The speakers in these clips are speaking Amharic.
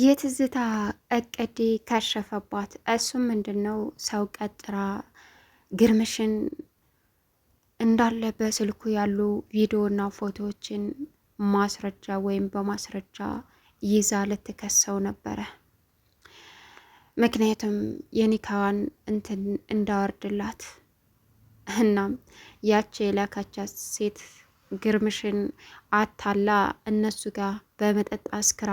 የትዝታ እቅድ ከሸፈባት። እሱም ምንድን ነው ሰው ቀጥራ ግርምሽን እንዳለ በስልኩ ያሉ ቪዲዮና ፎቶዎችን ማስረጃ ወይም በማስረጃ ይዛ ልትከሰው ነበረ። ምክንያቱም የኒካዋን እንትን እንዳወርድላት እናም ያቺ የላካቻት ሴት ግርምሽን አታላ እነሱ ጋር በመጠጥ አስክራ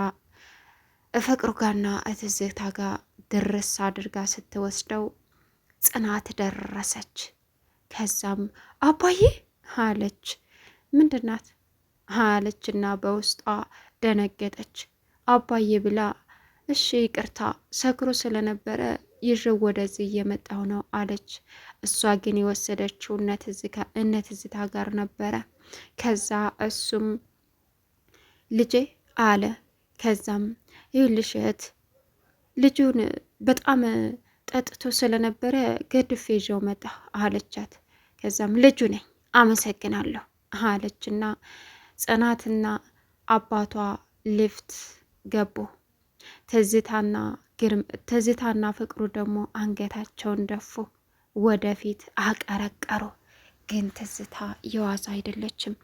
ፍቅሩ ጋና እትዝታ ጋር ድርስ አድርጋ ስትወስደው ጽናት ደረሰች። ከዛም አባዬ አለች። ምንድናት አለችና በውስጧ ደነገጠች። አባዬ ብላ እሺ ይቅርታ ሰክሮ ስለነበረ ይዤው ወደዚህ እየመጣሁ ነው አለች። እሷ ግን የወሰደችው እነትዝታ ጋር ነበረ። ከዛ እሱም ልጄ አለ ከዛም ይኸውልሽ እህት ልጁን በጣም ጠጥቶ ስለነበረ ገድፌ ይዤው መጣ አለቻት። ከዛም ልጁ ነኝ አመሰግናለሁ አለችና ጽናትና አባቷ ሊፍት ገቡ። ትዝታና ግርም ትዝታና ፍቅሩ ደግሞ አንገታቸውን ደፉ፣ ወደፊት አቀረቀሩ። ግን ትዝታ የዋዛ አይደለችም።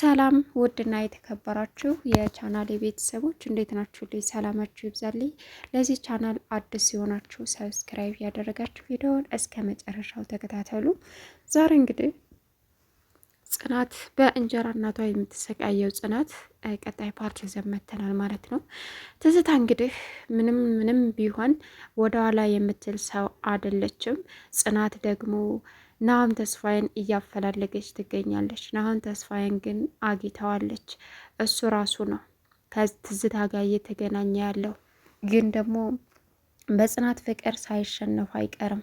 ሰላም ውድና የተከበራችሁ የቻናል የቤተሰቦች እንዴት ናችሁ? ልይ ሰላማችሁ ይብዛልኝ። ለዚህ ቻናል አዲስ የሆናችሁ ሰብስክራይብ ያደረጋችሁ ቪዲዮውን እስከ መጨረሻው ተከታተሉ። ዛሬ እንግዲህ ጽናት በእንጀራ እናቷ የምትሰቃየው ጽናት ቀጣይ ፓርት ዘመተናል ማለት ነው። ትዝታ እንግዲህ ምንም ምንም ቢሆን ወደኋላ የምትል ሰው አይደለችም። ጽናት ደግሞ ናሆም ተስፋዬን እያፈላለገች ትገኛለች። ናሆም ተስፋዬን ግን አግኝተዋለች። እሱ ራሱ ነው ከትዝታ ጋር እየተገናኘ ያለው ግን ደግሞ በጽናት ፍቅር ሳይሸነፉ አይቀርም።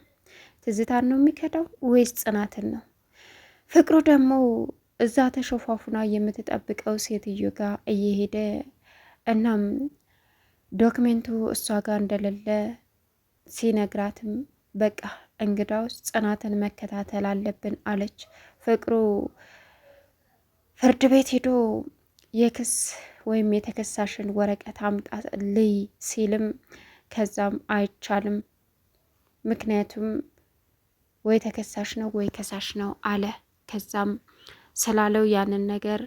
ትዝታን ነው የሚከዳው ወይስ ጽናትን ነው? ፍቅሩ ደግሞ እዛ ተሸፋፉና የምትጠብቀው ሴትዮ ጋር እየሄደ እናም ዶክሜንቱ እሷ ጋር እንደሌለ ሲነግራትም በቃ እንግዳውስ ጽናትን መከታተል አለብን አለች። ፍቅሩ ፍርድ ቤት ሄዶ የክስ ወይም የተከሳሽን ወረቀት አምጣ ልይ ሲልም ከዛም አይቻልም፣ ምክንያቱም ወይ ተከሳሽ ነው ወይ ከሳሽ ነው አለ። ከዛም ስላለው ያንን ነገር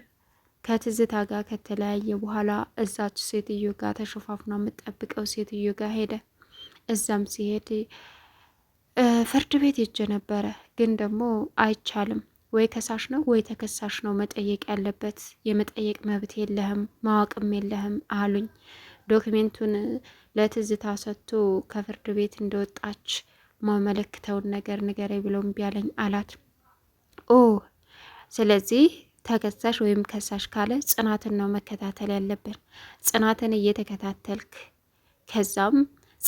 ከትዝታ ጋር ከተለያየ በኋላ እዛች ሴትዮ ጋር ተሸፋፍና የምጠብቀው ሴትዮ ጋር ሄደ። እዛም ሲሄድ ፍርድ ቤት ሄጄ ነበረ፣ ግን ደግሞ አይቻልም ወይ ከሳሽ ነው ወይ ተከሳሽ ነው መጠየቅ ያለበት። የመጠየቅ መብት የለህም ማወቅም የለህም አሉኝ። ዶክሜንቱን ለትዝታ ሰጥቶ ከፍርድ ቤት እንደወጣች ማመለክተውን ነገር ንገሬ ብሎ እምቢ አለኝ አላት። ኦ ስለዚህ ተከሳሽ ወይም ከሳሽ ካለ ጽናትን ነው መከታተል ያለብን። ጽናትን እየተከታተልክ ከዛም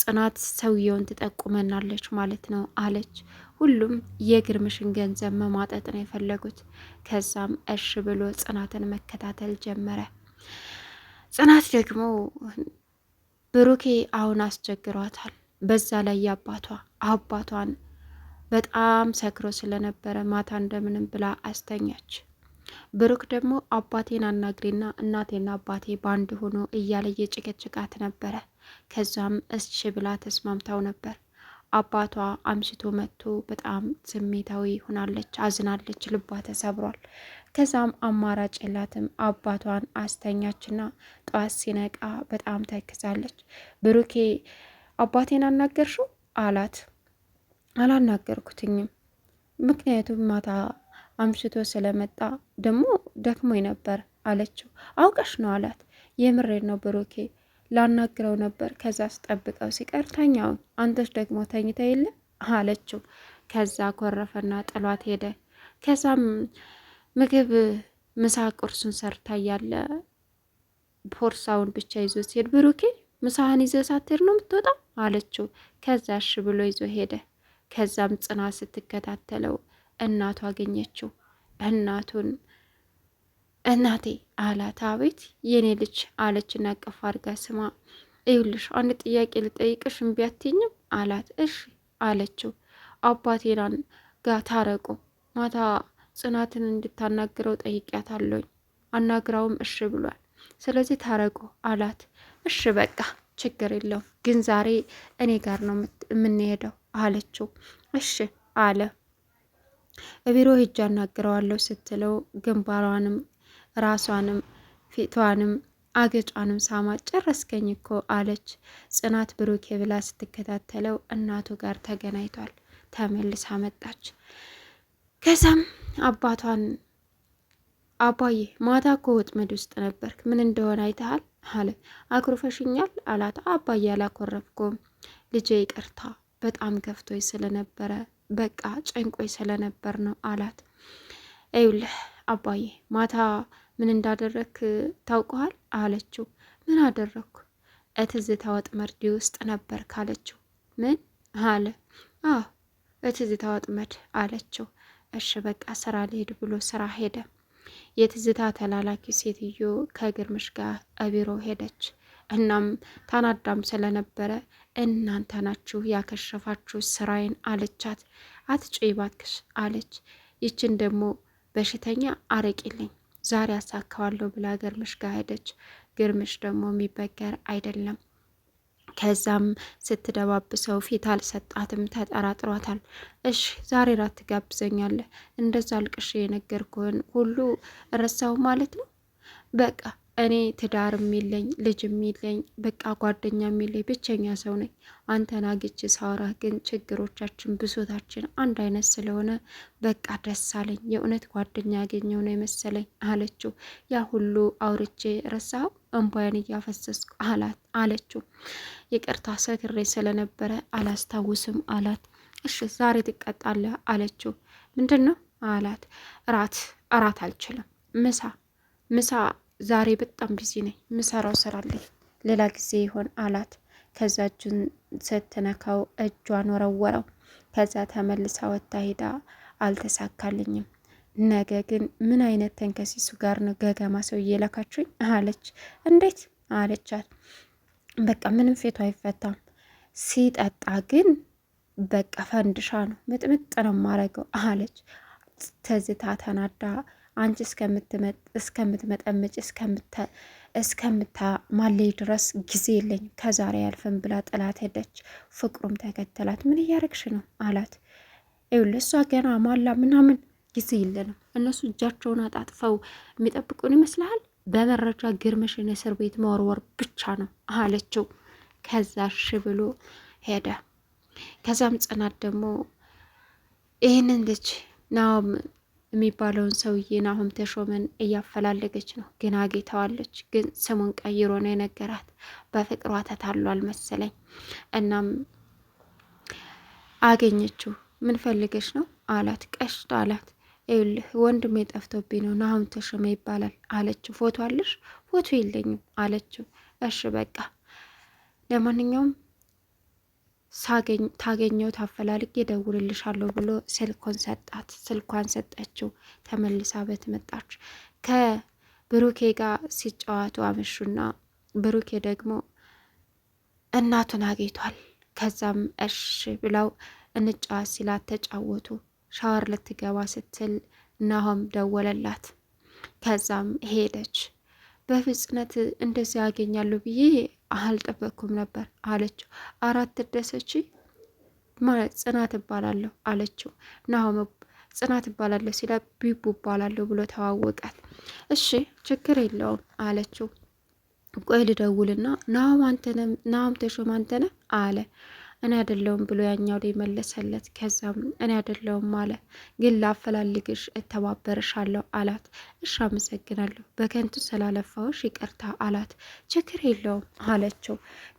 ጽናት ሰውየውን ትጠቁመናለች ማለት ነው አለች። ሁሉም የግርምሽን ገንዘብ መማጠጥ ነው የፈለጉት። ከዛም እሽ ብሎ ጽናትን መከታተል ጀመረ። ጽናት ደግሞ ብሩኬ አሁን አስቸግሯታል። በዛ ላይ የአባቷ አባቷን በጣም ሰክሮ ስለነበረ ማታ እንደምንም ብላ አስተኛች። ብሩክ ደግሞ አባቴን አናግሬና እናቴና አባቴ በአንድ ሆኖ እያለ የጭቅጭቃት ነበረ ከዛም እሺ ብላ ተስማምታው ነበር። አባቷ አምሽቶ መጥቶ በጣም ስሜታዊ ሆናለች፣ አዝናለች፣ ልቧ ተሰብሯል። ከዛም አማራጭ የላትም አባቷን አስተኛችና ጠዋት ሲነቃ በጣም ተክዛለች። ብሩኬ አባቴን አናገርሹ አላት። አላናገርኩትኝም፣ ምክንያቱም ማታ አምሽቶ ስለመጣ ደግሞ ደክሞኝ ነበር አለችው። አውቀሽ ነው አላት። የምሬ ነው ብሩኬ ላናግረው ነበር ከዛ ስጠብቀው ሲቀር ተኛው። አንተች ደግሞ ተኝተ የለ አለችው። ከዛ ኮረፈና ጥሏት ሄደ። ከዛም ምግብ ምሳ ቁርሱን ሰርታ እያለ ቦርሳውን ብቻ ይዞ ሲሄድ ብሩኬ ምሳህን ይዘ ሳትሄድ ነው የምትወጣው አለችው። ከዛ እሺ ብሎ ይዞ ሄደ። ከዛም ጽናት ስትከታተለው እናቱ አገኘችው። እናቱን እናቴ አላት። አቤት የኔ ልጅ አለችና አቀፍ አድርጋ ስማ፣ ይኸውልሽ አንድ ጥያቄ ልጠይቅሽ እምቢ አትይኝም አላት። እሺ አለችው። አባቴናን ጋር ታረቁ ማታ ጽናትን እንድታናግረው አለኝ። አናግራውም እሺ ብሏል። ስለዚህ ታረቁ አላት። እሺ በቃ ችግር የለውም ግን ዛሬ እኔ ጋር ነው የምንሄደው አለችው። እሺ አለ። ቢሮ ሄጄ አናግረዋለሁ ስትለው ግንባሯንም ራሷንም ፊቷንም አገጯንም ሳማት። ጨረስከኝ እኮ አለች ጽናት ብሩኬ ብላ ስትከታተለው እናቱ ጋር ተገናኝቷል። ተመልሳ መጣች። ከዛም አባቷን አባዬ ማታ እኮ ወጥመድ ውስጥ ነበርክ፣ ምን እንደሆነ አይተሃል አለ። አኩርፈሽኛል አላት። አባዬ አላኮረፍኩም ልጄ፣ ይቅርታ በጣም ከፍቶኝ ስለነበረ በቃ ጨንቆኝ ስለነበር ነው አላት። ይኸውልህ አባዬ ማታ ምን እንዳደረግክ ታውቀዋል አለችው። ምን አደረግኩ? እትዝታ ወጥመድ ውስጥ ነበር ካለችው፣ ምን አለ? አዎ እትዝታ ወጥመድ አለችው። እሺ በቃ ስራ ልሄድ ብሎ ስራ ሄደ። የትዝታ ተላላኪ ሴትዮ ከግርምሽ ጋር ቢሮ ሄደች። እናም ታናዳም ስለነበረ እናንተ ናችሁ ያከሸፋችሁ ስራዬን አለቻት። አትጩይ ባክሽ አለች። ይችን ደግሞ በሽተኛ አረቂልኝ ዛሬ አሳካዋለሁ ብላ ግርምሽ ጋር ሄደች። ግርምሽ ደግሞ የሚበገር አይደለም። ከዛም ስትደባብሰው ፊት አልሰጣትም፣ ተጠራጥሯታል። እሺ ዛሬ ራት ትጋብዘኛለህ? እንደዛ አልቅሽ የነገርኩህን ሁሉ ረሳው ማለት ነው በቃ እኔ ትዳርም የለኝ ልጅም የለኝ፣ በቃ ጓደኛም የለኝ፣ ብቸኛ ሰው ነኝ። አንተን አግቼ ሳወራ ግን ችግሮቻችን፣ ብሶታችን አንድ አይነት ስለሆነ በቃ ደስ አለኝ። የእውነት ጓደኛ ያገኘው ነው የመሰለኝ አለችው። ያ ሁሉ አውርቼ ረሳው እንባያን እያፈሰስኩ አላት አለችው። ይቅርታ ሰክሬ ስለነበረ አላስታውስም አላት። እሺ ዛሬ ትቀጣለህ አለችው። ምንድን ነው አላት። እራት እራት አልችልም፣ ምሳ ምሳ ዛሬ በጣም ቢዚ ነኝ፣ ምሰራው ስራለኝ፣ ሌላ ጊዜ ይሆን አላት። ከዛ እጁን ስትነካው እጇን ወረወረው። ከዛ ተመልሳ ወታ ሄዳ አልተሳካልኝም፣ ነገ ግን ምን አይነት ተንከሲሱ ጋር ነው ገገማ ሰው የላካችሁኝ አለች። እንዴት አለቻት። በቃ ምንም ፌቱ አይፈታም፣ ሲጠጣ ግን በቃ ፈንድሻ ነው፣ ምጥምጥ ነው ማረገው አለች። ትዝታ ተናዳ አንቺ እስከምትመጠምጭ እስከምታ ማለይ ድረስ ጊዜ የለኝም ከዛሬ ያልፍም ብላ ጥላት ሄደች። ፍቅሩም ተከተላት። ምን እያረግሽ ነው አላት። ይኸውልህ እሷ ገና ማላ ምናምን ጊዜ የለንም። እነሱ እጃቸውን አጣጥፈው የሚጠብቁን ይመስልሃል? በመረጃ ግርምሽን እስር ቤት መወርወር ብቻ ነው አለችው። ከዛ ሽ ብሎ ሄደ። ከዛም ጽናት ደግሞ ይህንን ልጅ ናም የሚባለውን ሰውዬ ናሆም ተሾመን እያፈላለገች ነው። ግን አግኝታዋለች። ግን ስሙን ቀይሮ ነው የነገራት። በፍቅሯ ተታሏል መሰለኝ። እናም አገኘችው። ምን ፈልገች ነው አላት። ቀሽት አላት። ይኸውልህ ወንድሜ ጠፍቶብኝ ነው ናሆም ተሾመ ይባላል አለችው። ፎቶ አለሽ? ፎቶ የለኝም አለችው። እሺ በቃ ለማንኛውም ታገኘው ታፈላልጌ እደውልልሻለሁ ብሎ ስልኮን ሰጣት። ስልኳን ሰጠችው። ተመልሳ በት መጣች። ከብሩኬ ጋር ሲጫወቱ አመሹና ብሩኬ ደግሞ እናቱን አግኝቷል። ከዛም እሽ ብለው እንጫወት ሲላት ተጫወቱ። ሻወር ልትገባ ስትል ናሆም ደወለላት። ከዛም ሄደች። በፍጥነት እንደዚያ ያገኛለሁ ብዬ አልጠበቅኩም ነበር አለችው። አራት ደሰች ማለት ጽናት እባላለሁ አለችው። ናሆም ጽናት እባላለሁ ሲላ ቢቡ እባላለሁ ብሎ ተዋወቃት። እሺ ችግር የለውም አለችው። ቆይ ልደውልና ናሆም አንተነህ ናሆም ተሾም አንተነ አለ እኔ አይደለውም ብሎ ያኛው ላይ መለሰለት። ከዛም እኔ አደለውም አለ፣ ግን ላፈላልግሽ እተባበርሻለሁ አላት። እሺ አመሰግናለሁ፣ በከንቱ ስላለፋዎች ይቅርታ አላት። ችግር የለውም አለችው።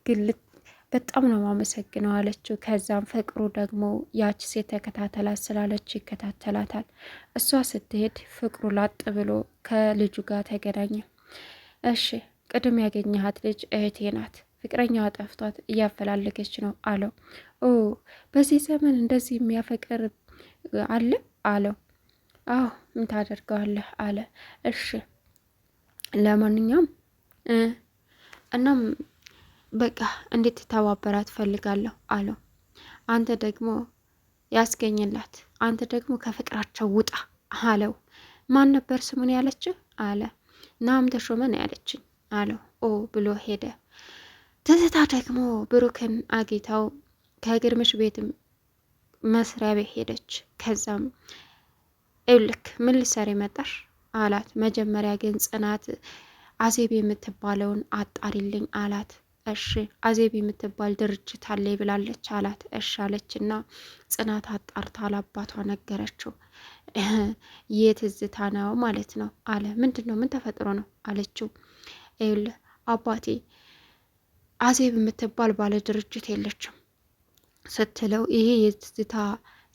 ግን በጣም ነው ማመሰግነው አለችው። ከዛም ፍቅሩ ደግሞ ያች ሴት ተከታተላት ስላለችው ይከታተላታል። እሷ ስትሄድ ፍቅሩ ላጥ ብሎ ከልጁ ጋር ተገናኘ። እሺ ቅድም ያገኘሃት ልጅ እህቴ ናት ፍቅረኛዋ ጠፍቷት እያፈላለገች ነው አለው። ኦ በዚህ ዘመን እንደዚህ የሚያፈቅር አለ አለው። አዎ ምን ታደርገዋለህ አለ። እሺ ለማንኛውም እናም በቃ እንዴት ተባበራት ፈልጋለሁ አለው። አንተ ደግሞ ያስገኝላት፣ አንተ ደግሞ ከፍቅራቸው ውጣ አለው። ማን ነበር ስሙን ያለችህ አለ። ናም ተሾመን ያለችኝ አለው። ኦ ብሎ ሄደ። ትዝታ ደግሞ ብሩክን አግኝታው ከግርምሽ ቤት መስሪያ ቤት ሄደች። ከዛም እብልክ ምን ልትሰሪ መጣሽ አላት። መጀመሪያ ግን ጽናት አዜብ የምትባለውን አጣሪልኝ አላት። እሺ አዜብ የምትባል ድርጅት አለ ብላለች አላት። እሺ አለች እና ጽናት አጣርታ ለአባቷ ነገረችው። የትዝታ ነው ማለት ነው አለ። ምንድን ነው ምን ተፈጥሮ ነው አለችው። ይኸውልህ አባቴ አዜብ የምትባል ባለ ድርጅት የለችም ስትለው ይሄ የትዝታ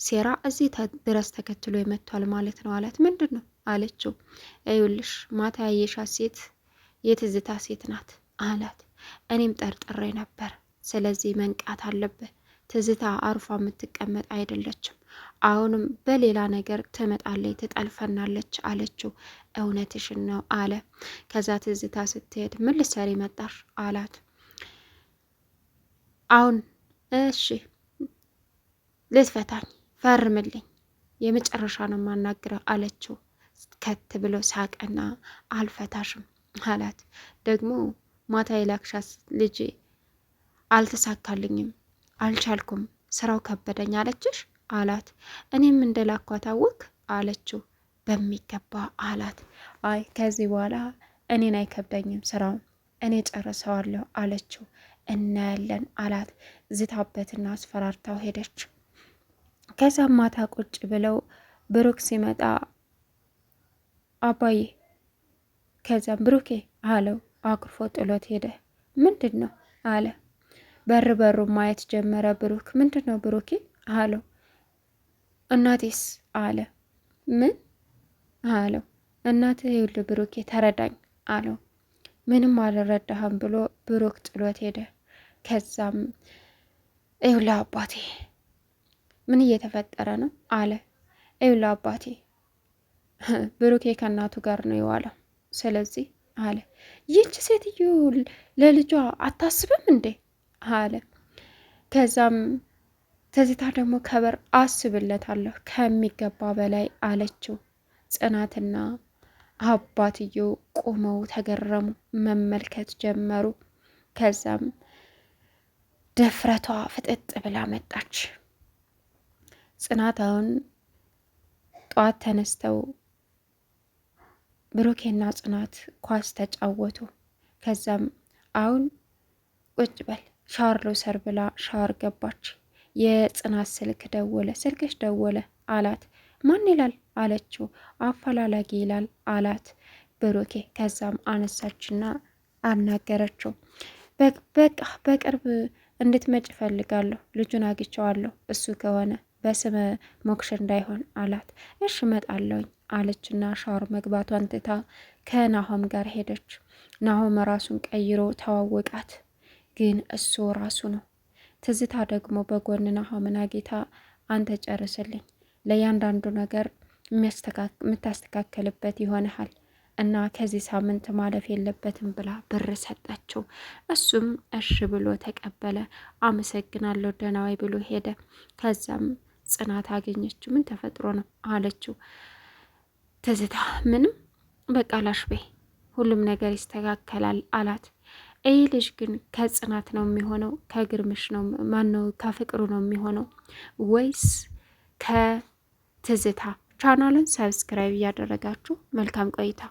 ሴራ እዚህ ድረስ ተከትሎ ይመቷል ማለት ነው አላት። ምንድን ነው አለችው። እዩልሽ ማታ ያየሻ ሴት የትዝታ ሴት ናት አላት። እኔም ጠርጥሬ ነበር። ስለዚህ መንቃት አለብህ። ትዝታ አርፋ የምትቀመጥ አይደለችም። አሁንም በሌላ ነገር ትመጣለች፣ ትጠልፈናለች አለችው። እውነትሽን ነው አለ። ከዛ ትዝታ ስትሄድ ምን ልትሰሪ መጣሽ አላት። አሁን እሺ ልትፈታኝ ፈርምልኝ፣ የመጨረሻ ነው የማናግረው አለችው። ከት ብሎ ሳቀና አልፈታሽም አላት። ደግሞ ማታ የላክሻት ልጅ አልተሳካልኝም፣ አልቻልኩም፣ ስራው ከበደኝ አለችሽ አላት። እኔም እንደላኳ ታወክ አለችው። በሚገባ አላት። አይ ከዚህ በኋላ እኔን አይከብደኝም ስራውን እኔ ጨርሰዋለሁ አለችው። እናያለን አላት። ዝታበትና አስፈራርታው ሄደች። ከዛ ማታ ቁጭ ብለው ብሩክ ሲመጣ አባዬ፣ ከዛም ብሩኬ አለው። አኩርፎ ጥሎት ሄደ። ምንድን ነው አለ። በር በሩ ማየት ጀመረ ብሩክ። ምንድን ነው ብሩኬ አለው። እናቴስ አለ። ምን አለው። እናትህ ይኸውልህ ብሩኬ ተረዳኝ አለው። ምንም አልረዳህም ብሎ ብሩክ ጥሎት ሄደ። ከዛም ይውላ አባቴ ምን እየተፈጠረ ነው አለ። ኤውላ አባቴ ብሩኬ ከእናቱ ጋር ነው የዋለው። ስለዚህ አለ ይህች ሴትዮ ለልጇ አታስብም እንዴ አለ። ከዛም ትዝታ ደግሞ ከበር አስብለታለሁ ከሚገባ በላይ አለችው። ጽናትና አባትዮ ቆመው ተገረሙ፣ መመልከት ጀመሩ። ከዛም ድፍረቷ ፍጥጥ ብላ መጣች። ጽናት አሁን ጠዋት ተነስተው ብሩኬና ጽናት ኳስ ተጫወቱ። ከዛም አሁን ቁጭ በል ሻወር ልውሰድ ብላ ሻወር ገባች። የጽናት ስልክ ደወለ። ስልክሽ ደወለ አላት። ማን ይላል አለችው። አፈላላጊ ይላል አላት ብሩኬ። ከዛም አነሳችና አናገረችው። በቃ በቅርብ እንድትመጭ እፈልጋለሁ። ልጁን አግቸዋለሁ። እሱ ከሆነ በስመ ሞክሽ እንዳይሆን አላት። እሽ እመጣለሁኝ አለችና ሻወር መግባቷን ትታ ከናሆም ጋር ሄደች። ናሆም ራሱን ቀይሮ ተዋወቃት፣ ግን እሱ ራሱ ነው። ትዝታ ደግሞ በጎን ናሆምን አጌታ አንተ ጨርስልኝ፣ ለእያንዳንዱ ነገር የምታስተካከልበት ይሆንሃል እና ከዚህ ሳምንት ማለፍ የለበትም ብላ ብር ሰጣቸው። እሱም እሺ ብሎ ተቀበለ። አመሰግናለሁ ደህና ወይ ብሎ ሄደ። ከዛም ጽናት አገኘችው። ምን ተፈጥሮ ነው አለችው። ትዝታ ምንም በቃ ላሽቤ ሁሉም ነገር ይስተካከላል አላት። ይህ ልጅ ግን ከጽናት ነው የሚሆነው? ከግርምሽ ነው ማነው? ከፍቅሩ ነው የሚሆነው ወይስ ከትዝታ? ቻናልን ሰብስክራይብ እያደረጋችሁ መልካም ቆይታ